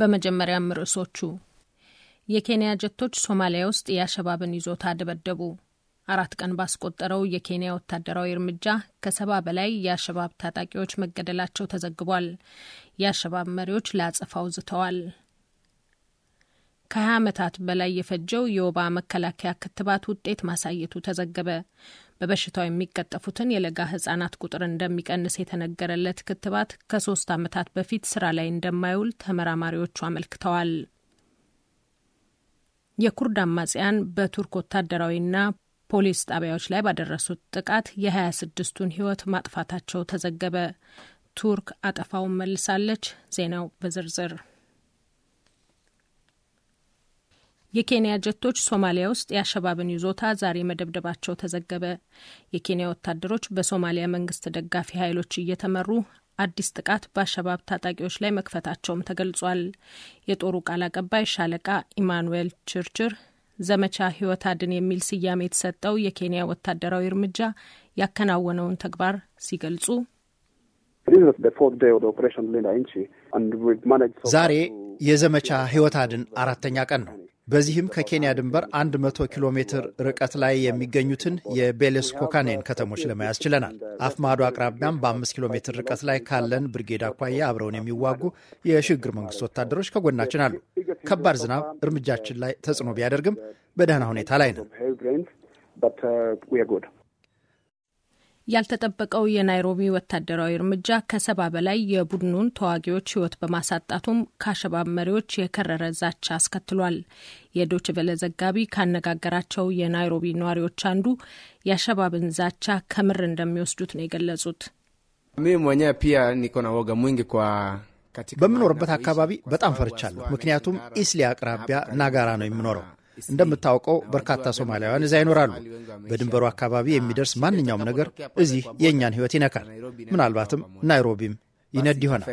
በመጀመሪያም ርዕሶቹ የኬንያ ጀቶች ሶማሊያ ውስጥ የአሸባብን ይዞታ ደበደቡ። አራት ቀን ባስቆጠረው የኬንያ ወታደራዊ እርምጃ ከሰባ በላይ የአሸባብ ታጣቂዎች መገደላቸው ተዘግቧል። የአሸባብ መሪዎች ለአጸፋው ዝተዋል። ከ20 ዓመታት በላይ የፈጀው የወባ መከላከያ ክትባት ውጤት ማሳየቱ ተዘገበ። በበሽታው የሚቀጠፉትን የለጋ ህጻናት ቁጥር እንደሚቀንስ የተነገረለት ክትባት ከሶስት ዓመታት በፊት ስራ ላይ እንደማይውል ተመራማሪዎቹ አመልክተዋል። የኩርድ አማጽያን በቱርክ ወታደራዊና ፖሊስ ጣቢያዎች ላይ ባደረሱት ጥቃት የሀያ ስድስቱን ህይወት ማጥፋታቸው ተዘገበ። ቱርክ አጠፋውን መልሳለች። ዜናው በዝርዝር የኬንያ ጀቶች ሶማሊያ ውስጥ የአሸባብን ይዞታ ዛሬ መደብደባቸው ተዘገበ። የኬንያ ወታደሮች በሶማሊያ መንግስት ደጋፊ ኃይሎች እየተመሩ አዲስ ጥቃት በአሸባብ ታጣቂዎች ላይ መክፈታቸውም ተገልጿል። የጦሩ ቃል አቀባይ ሻለቃ ኢማኑኤል ችርችር ዘመቻ ህይወት አድን የሚል ስያሜ የተሰጠው የኬንያ ወታደራዊ እርምጃ ያከናወነውን ተግባር ሲገልጹ ዛሬ የዘመቻ ህይወት አድን አራተኛ ቀን ነው። በዚህም ከኬንያ ድንበር 100 ኪሎ ሜትር ርቀት ላይ የሚገኙትን የቤሌስ ኮካኔን ከተሞች ለመያዝ ችለናል። አፍማዶ አቅራቢያም በ5 ኪሎ ሜትር ርቀት ላይ ካለን ብርጌድ አኳያ አብረውን የሚዋጉ የሽግግር መንግስት ወታደሮች ከጎናችን አሉ። ከባድ ዝናብ እርምጃችን ላይ ተጽዕኖ ቢያደርግም በደህና ሁኔታ ላይ ነው። ያልተጠበቀው የናይሮቢ ወታደራዊ እርምጃ ከሰባ በላይ የቡድኑን ተዋጊዎች ህይወት በማሳጣቱም ከአሸባብ መሪዎች የከረረ ዛቻ አስከትሏል። የዶች ቨለ ዘጋቢ ካነጋገራቸው የናይሮቢ ነዋሪዎች አንዱ የአሸባብን ዛቻ ከምር እንደሚወስዱት ነው የገለጹት። በምኖርበት አካባቢ በጣም ፈርቻለሁ። ምክንያቱም ኢስሊ አቅራቢያ ናጋራ ነው የምኖረው እንደምታውቀው በርካታ ሶማሊያውያን እዚያ ይኖራሉ። በድንበሩ አካባቢ የሚደርስ ማንኛውም ነገር እዚህ የእኛን ህይወት ይነካል። ምናልባትም ናይሮቢም ይነድ ይሆናል።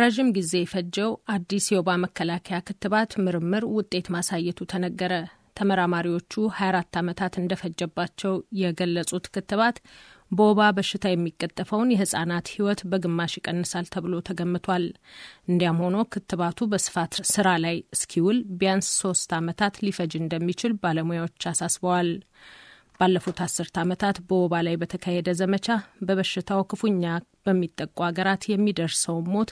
ረዥም ጊዜ የፈጀው አዲስ የወባ መከላከያ ክትባት ምርምር ውጤት ማሳየቱ ተነገረ። ተመራማሪዎቹ 24 ዓመታት እንደፈጀባቸው የገለጹት ክትባት በወባ በሽታ የሚቀጠፈውን የህጻናት ህይወት በግማሽ ይቀንሳል ተብሎ ተገምቷል። እንዲያም ሆኖ ክትባቱ በስፋት ስራ ላይ እስኪውል ቢያንስ ሶስት ዓመታት ሊፈጅ እንደሚችል ባለሙያዎች አሳስበዋል። ባለፉት አስርት ዓመታት በወባ ላይ በተካሄደ ዘመቻ በበሽታው ክፉኛ በሚጠቁ አገራት የሚደርሰውን ሞት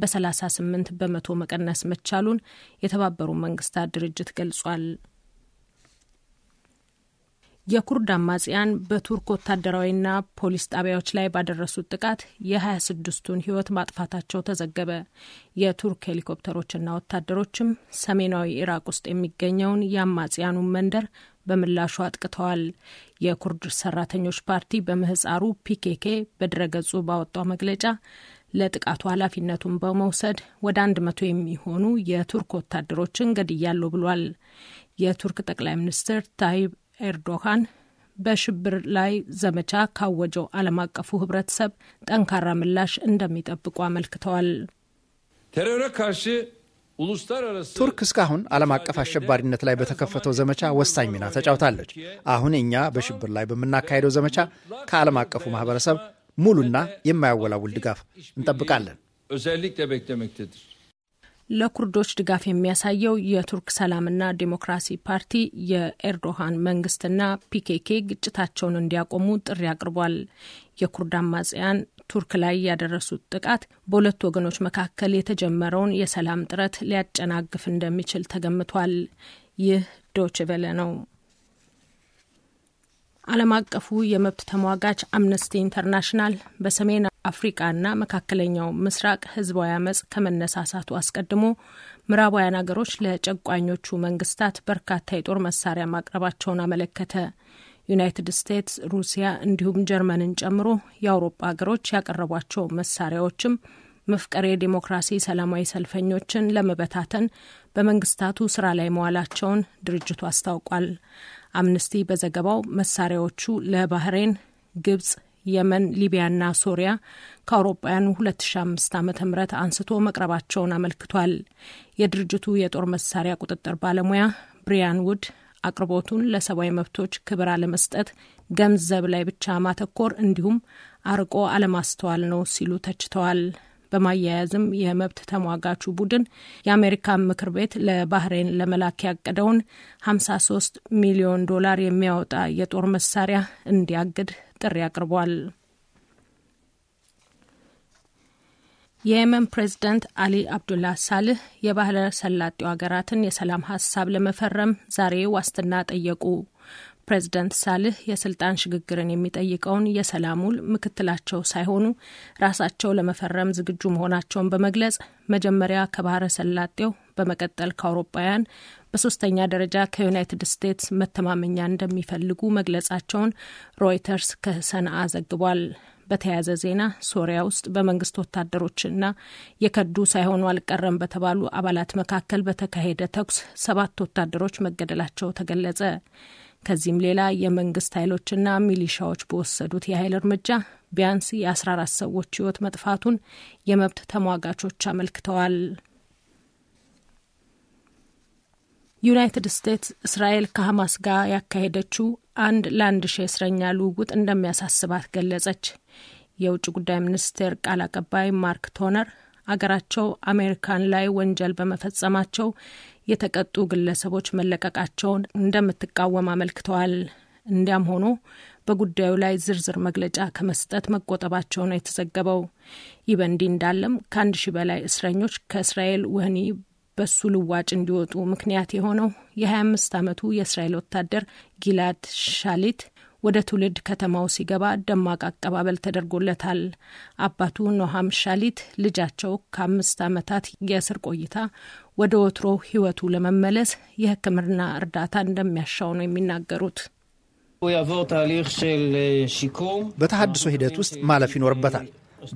በ38 በመቶ መቀነስ መቻሉን የተባበሩ መንግስታት ድርጅት ገልጿል። የኩርድ አማጽያን በቱርክ ወታደራዊና ፖሊስ ጣቢያዎች ላይ ባደረሱት ጥቃት የ 26 ስድስቱን ሕይወት ማጥፋታቸው ተዘገበ። የቱርክ ሄሊኮፕተሮችና ወታደሮችም ሰሜናዊ ኢራቅ ውስጥ የሚገኘውን የአማጽያኑን መንደር በምላሹ አጥቅተዋል። የኩርድ ሰራተኞች ፓርቲ በምህፃሩ ፒኬኬ በድረገጹ ባወጣው መግለጫ ለጥቃቱ ኃላፊነቱን በመውሰድ ወደ አንድ መቶ የሚሆኑ የቱርክ ወታደሮችን ገድያለሁ ብሏል። የቱርክ ጠቅላይ ሚኒስትር ታይብ ኤርዶሃን በሽብር ላይ ዘመቻ ካወጀው ዓለም አቀፉ ህብረተሰብ ጠንካራ ምላሽ እንደሚጠብቁ አመልክተዋል። ቱርክ እስካሁን ዓለም አቀፍ አሸባሪነት ላይ በተከፈተው ዘመቻ ወሳኝ ሚና ተጫውታለች። አሁን እኛ በሽብር ላይ በምናካሄደው ዘመቻ ከዓለም አቀፉ ማህበረሰብ ሙሉና የማያወላውል ድጋፍ እንጠብቃለን። ለኩርዶች ድጋፍ የሚያሳየው የቱርክ ሰላምና ዴሞክራሲ ፓርቲ የኤርዶሃን መንግስትና ፒኬኬ ግጭታቸውን እንዲያቆሙ ጥሪ አቅርቧል። የኩርድ አማጽያን ቱርክ ላይ ያደረሱት ጥቃት በሁለቱ ወገኖች መካከል የተጀመረውን የሰላም ጥረት ሊያጨናግፍ እንደሚችል ተገምቷል። ይህ ዶችቬለ ነው። ዓለም አቀፉ የመብት ተሟጋች አምነስቲ ኢንተርናሽናል በሰሜን አፍሪቃና መካከለኛው ምስራቅ ህዝባዊ አመጽ ከመነሳሳቱ አስቀድሞ ምዕራባውያን አገሮች ለጨቋኞቹ መንግስታት በርካታ የጦር መሳሪያ ማቅረባቸውን አመለከተ። ዩናይትድ ስቴትስ፣ ሩሲያ እንዲሁም ጀርመንን ጨምሮ የአውሮፓ ሀገሮች ያቀረቧቸው መሳሪያዎችም መፍቀሬ ዴሞክራሲ ሰላማዊ ሰልፈኞችን ለመበታተን በመንግስታቱ ስራ ላይ መዋላቸውን ድርጅቱ አስታውቋል። አምነስቲ በዘገባው መሳሪያዎቹ ለባህሬን፣ ግብጽ፣ የመን፣ ሊቢያና ሶሪያ ከአውሮፓውያኑ 2005 ዓ ም አንስቶ መቅረባቸውን አመልክቷል። የድርጅቱ የጦር መሳሪያ ቁጥጥር ባለሙያ ብሪያን ውድ አቅርቦቱን ለሰብአዊ መብቶች ክብር አለመስጠት፣ ገንዘብ ላይ ብቻ ማተኮር እንዲሁም አርቆ አለማስተዋል ነው ሲሉ ተችተዋል። በማያያዝም የመብት ተሟጋቹ ቡድን የአሜሪካን ምክር ቤት ለባህሬን ለመላክ ያቀደውን 53 ሚሊዮን ዶላር የሚያወጣ የጦር መሳሪያ እንዲያግድ ጥሪ አቅርቧል። የየመን ፕሬዝዳንት አሊ አብዱላ ሳልህ የባህረ ሰላጤው ሀገራትን የሰላም ሀሳብ ለመፈረም ዛሬ ዋስትና ጠየቁ። ፕሬዝደንት ሳልህ የስልጣን ሽግግርን የሚጠይቀውን የሰላም ውል ምክትላቸው ሳይሆኑ ራሳቸው ለመፈረም ዝግጁ መሆናቸውን በመግለጽ መጀመሪያ ከባህረ ሰላጤው በመቀጠል ከአውሮፓውያን በሶስተኛ ደረጃ ከዩናይትድ ስቴትስ መተማመኛ እንደሚፈልጉ መግለጻቸውን ሮይተርስ ከሰንአ ዘግቧል። በተያያዘ ዜና ሶሪያ ውስጥ በመንግስት ወታደሮችና የከዱ ሳይሆኑ አልቀረም በተባሉ አባላት መካከል በተካሄደ ተኩስ ሰባት ወታደሮች መገደላቸው ተገለጸ። ከዚህም ሌላ የመንግስት ኃይሎችና ሚሊሻዎች በወሰዱት የኃይል እርምጃ ቢያንስ የ14 ሰዎች ህይወት መጥፋቱን የመብት ተሟጋቾች አመልክተዋል። ዩናይትድ ስቴትስ እስራኤል ከሐማስ ጋር ያካሄደችው አንድ ለአንድ ሺህ እስረኛ ልውውጥ እንደሚያሳስባት ገለጸች። የውጭ ጉዳይ ሚኒስቴር ቃል አቀባይ ማርክ ቶነር አገራቸው አሜሪካን ላይ ወንጀል በመፈጸማቸው የተቀጡ ግለሰቦች መለቀቃቸውን እንደምትቃወም አመልክተዋል። እንዲያም ሆኖ በጉዳዩ ላይ ዝርዝር መግለጫ ከመስጠት መቆጠባቸው ነው የተዘገበው። ይህ በእንዲህ እንዳለም ከአንድ ሺህ በላይ እስረኞች ከእስራኤል ወህኒ በሱ ልዋጭ እንዲወጡ ምክንያት የሆነው የ25 ዓመቱ የእስራኤል ወታደር ጊላድ ሻሊት ወደ ትውልድ ከተማው ሲገባ ደማቅ አቀባበል ተደርጎለታል። አባቱ ኖሃም ሻሊት ልጃቸው ከአምስት ዓመታት የእስር ቆይታ ወደ ወትሮ ሕይወቱ ለመመለስ የሕክምና እርዳታ እንደሚያሻው ነው የሚናገሩት። uh, በተሃድሶ ሂደት ውስጥ ማለፍ ይኖርበታል።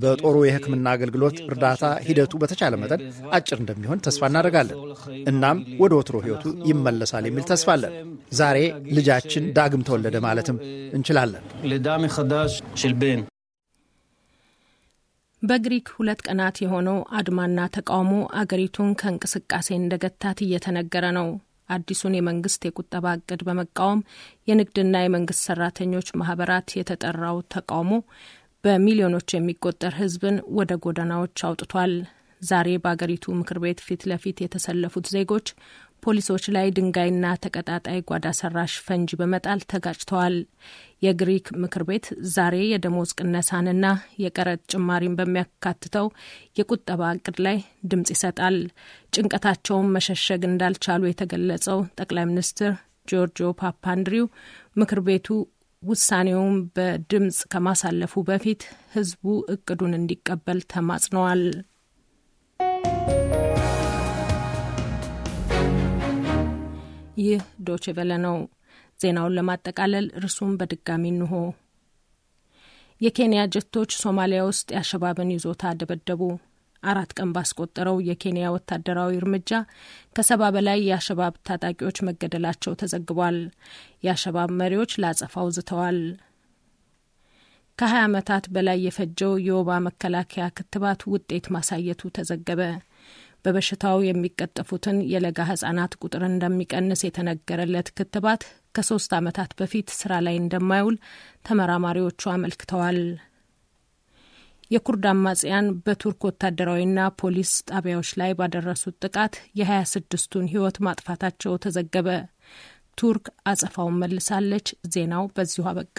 በጦሩ የሕክምና አገልግሎት እርዳታ ሂደቱ በተቻለ መጠን አጭር እንደሚሆን ተስፋ እናደርጋለን። እናም ወደ ወትሮ ሕይወቱ ይመለሳል የሚል ተስፋ አለን። ዛሬ ልጃችን ዳግም ተወለደ ማለትም እንችላለን። በግሪክ ሁለት ቀናት የሆነው አድማና ተቃውሞ አገሪቱን ከእንቅስቃሴ እንደገታት እየተነገረ ነው። አዲሱን የመንግስት የቁጠባ እቅድ በመቃወም የንግድና የመንግስት ሰራተኞች ማህበራት የተጠራው ተቃውሞ በሚሊዮኖች የሚቆጠር ህዝብን ወደ ጎዳናዎች አውጥቷል። ዛሬ በአገሪቱ ምክር ቤት ፊት ለፊት የተሰለፉት ዜጎች ፖሊሶች ላይ ድንጋይና ተቀጣጣይ ጓዳ ሰራሽ ፈንጂ በመጣል ተጋጭተዋል። የግሪክ ምክር ቤት ዛሬ የደሞዝ ቅነሳንና የቀረጥ ጭማሪን በሚያካትተው የቁጠባ እቅድ ላይ ድምጽ ይሰጣል። ጭንቀታቸውን መሸሸግ እንዳልቻሉ የተገለጸው ጠቅላይ ሚኒስትር ጆርጂዮ ፓፓንድሪው ምክር ቤቱ ውሳኔውን በድምፅ ከማሳለፉ በፊት ህዝቡ እቅዱን እንዲቀበል ተማጽነዋል። ይህ ዶቼ ቬለ ነው። ዜናውን ለማጠቃለል እርሱም በድጋሚ እንሆ። የኬንያ ጀቶች ሶማሊያ ውስጥ የአሸባብን ይዞታ ደበደቡ። አራት ቀን ባስቆጠረው የኬንያ ወታደራዊ እርምጃ ከሰባ በላይ የአሸባብ ታጣቂዎች መገደላቸው ተዘግቧል። የአሸባብ መሪዎች ላጸፋው ዝተዋል። ከ20 ዓመታት በላይ የፈጀው የወባ መከላከያ ክትባት ውጤት ማሳየቱ ተዘገበ። በበሽታው የሚቀጠፉትን የለጋ ህጻናት ቁጥር እንደሚቀንስ የተነገረለት ክትባት ከሶስት ዓመታት በፊት ስራ ላይ እንደማይውል ተመራማሪዎቹ አመልክተዋል። የኩርድ አማጽያን በቱርክ ወታደራዊና ፖሊስ ጣቢያዎች ላይ ባደረሱት ጥቃት የሀያ ስድስቱን ህይወት ማጥፋታቸው ተዘገበ። ቱርክ አጸፋውን መልሳለች። ዜናው በዚሁ አበቃ።